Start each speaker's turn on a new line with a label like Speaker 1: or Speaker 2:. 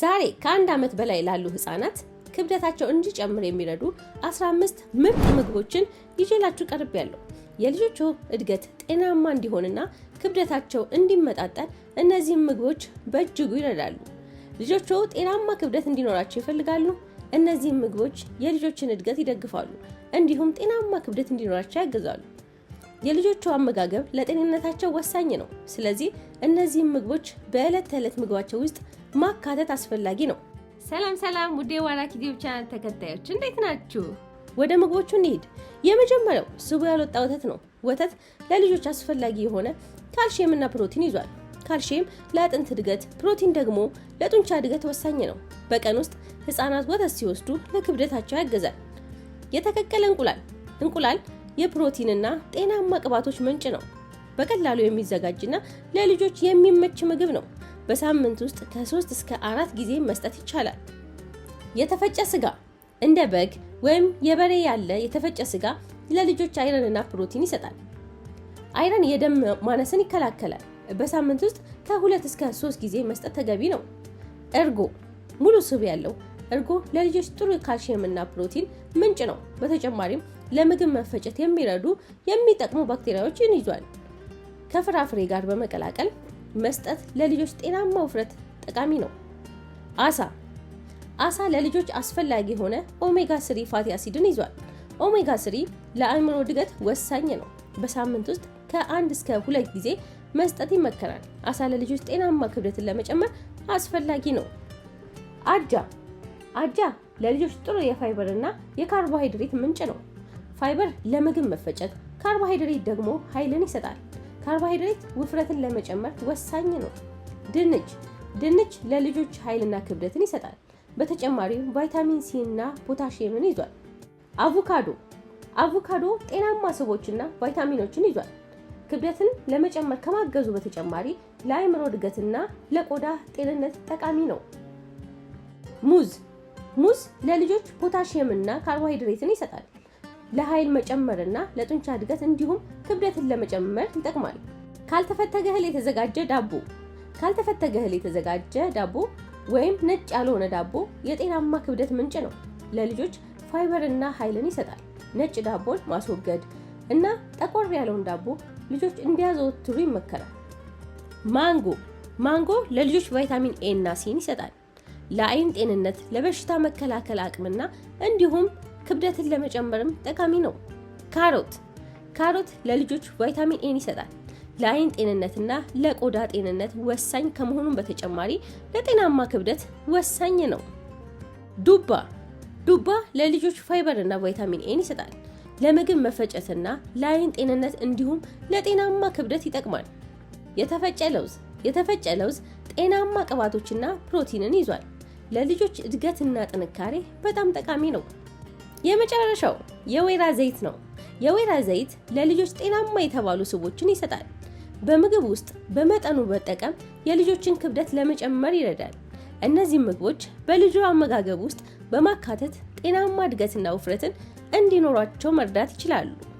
Speaker 1: ዛሬ ከአንድ ዓመት በላይ ላሉ ህጻናት ክብደታቸው እንዲጨምር የሚረዱ 15 ምርጥ ምግቦችን ይዤላችሁ ቀርብ ያለው የልጆቹ እድገት ጤናማ እንዲሆንና ክብደታቸው እንዲመጣጠን እነዚህም ምግቦች በእጅጉ ይረዳሉ። ልጆቹ ጤናማ ክብደት እንዲኖራቸው ይፈልጋሉ። እነዚህም ምግቦች የልጆችን እድገት ይደግፋሉ፣ እንዲሁም ጤናማ ክብደት እንዲኖራቸው ያግዛሉ። የልጆቹ አመጋገብ ለጤንነታቸው ወሳኝ ነው። ስለዚህ እነዚህም ምግቦች በዕለት ተዕለት ምግባቸው ውስጥ ማካተት አስፈላጊ ነው።
Speaker 2: ሰላም ሰላም፣ ውዴ ዋላ ዩቲዩብ ቻናል ተከታዮች እንዴት ናችሁ?
Speaker 1: ወደ ምግቦቹ እንሂድ። የመጀመሪያው ስቡ ያልወጣ ወተት ነው። ወተት ለልጆች አስፈላጊ የሆነ ካልሽየም እና ፕሮቲን ይዟል። ካልሽየም ለአጥንት እድገት፣ ፕሮቲን ደግሞ ለጡንቻ እድገት ወሳኝ ነው። በቀን ውስጥ ህፃናት ወተት ሲወስዱ ለክብደታቸው ያገዛል። የተቀቀለ እንቁላል እንቁላል የፕሮቲንና ጤናማ ቅባቶች ምንጭ ነው። በቀላሉ የሚዘጋጅና ለልጆች የሚመች ምግብ ነው። በሳምንት ውስጥ ከሶስት እስከ 4 ጊዜ መስጠት ይቻላል። የተፈጨ ስጋ እንደ በግ ወይም የበሬ ያለ የተፈጨ ስጋ ለልጆች አይረን እና ፕሮቲን ይሰጣል። አይረን የደም ማነስን ይከላከላል። በሳምንት ውስጥ ከሁለት እስከ 3 ጊዜ መስጠት ተገቢ ነው። እርጎ ሙሉ ስብ ያለው እርጎ ለልጆች ጥሩ እና ፕሮቲን ምንጭ ነው። በተጨማሪም ለምግብ መፈጨት የሚረዱ የሚጠቅሙ ባክቴሪያዎችን ይዟል። ከፍራፍሬ ጋር በመቀላቀል መስጠት ለልጆች ጤናማ ውፍረት ጠቃሚ ነው። አሳ አሳ ለልጆች አስፈላጊ የሆነ ኦሜጋ ስሪ ፋቲ አሲድን ይዟል። ኦሜጋ ስሪ ለአእምሮ እድገት ወሳኝ ነው። በሳምንት ውስጥ ከአንድ እስከ ሁለት ጊዜ መስጠት ይመከራል። አሳ ለልጆች ጤናማ ክብደትን ለመጨመር አስፈላጊ ነው። አጃ አጃ ለልጆች ጥሩ የፋይበር እና የካርቦሃይድሬት ምንጭ ነው። ፋይበር ለምግብ መፈጨት፣ ካርቦሃይድሬት ደግሞ ኃይልን ይሰጣል። ካርቦሃይድሬት ውፍረትን ለመጨመር ወሳኝ ነው። ድንች ድንች ለልጆች ኃይልና ክብደትን ይሰጣል። በተጨማሪም ቫይታሚን ሲ እና ፖታሺየምን ይዟል። አቮካዶ አቮካዶ ጤናማ ስቦችና ቫይታሚኖችን ይዟል። ክብደትን ለመጨመር ከማገዙ በተጨማሪ ለአይምሮ እድገትና ለቆዳ ጤንነት ጠቃሚ ነው። ሙዝ ሙዝ ለልጆች ፖታሺየምና ካርቦሃይድሬትን ይሰጣል። ለኃይል መጨመርና ለጡንቻ እድገት እንዲሁም ክብደትን ለመጨመር ይጠቅማል። ካልተፈተገ እህል የተዘጋጀ ዳቦ ካልተፈተገ እህል የተዘጋጀ ዳቦ ወይም ነጭ ያልሆነ ዳቦ የጤናማ ክብደት ምንጭ ነው። ለልጆች ፋይበርና ኃይልን ይሰጣል። ነጭ ዳቦን ማስወገድ እና ጠቆር ያለውን ዳቦ ልጆች እንዲያዘወትሩ ይመከራል። ማንጎ ማንጎ ለልጆች ቫይታሚን ኤ እና ሲን ይሰጣል። ለአይን ጤንነት፣ ለበሽታ መከላከል አቅምና እንዲሁም ክብደትን ለመጨመርም ጠቃሚ ነው። ካሮት ካሮት ለልጆች ቫይታሚን ኤን ይሰጣል። ለአይን ጤንነትና ለቆዳ ጤንነት ወሳኝ ከመሆኑም በተጨማሪ ለጤናማ ክብደት ወሳኝ ነው። ዱባ ዱባ ለልጆች ፋይበር ና ቫይታሚን ኤን ይሰጣል። ለምግብ መፈጨትና ለአይን ጤንነት እንዲሁም ለጤናማ ክብደት ይጠቅማል። የተፈጨ ለውዝ የተፈጨ ለውዝ ጤናማ ቅባቶችና ፕሮቲንን ይዟል። ለልጆች እድገትና ጥንካሬ በጣም ጠቃሚ ነው። የመጨረሻው የወይራ ዘይት ነው። የወይራ ዘይት ለልጆች ጤናማ የተባሉ ስቦችን ይሰጣል። በምግብ ውስጥ በመጠኑ መጠቀም የልጆችን ክብደት ለመጨመር ይረዳል። እነዚህ ምግቦች በልጆ አመጋገብ ውስጥ በማካተት ጤናማ እድገትና ውፍረትን እንዲኖራቸው መርዳት ይችላሉ።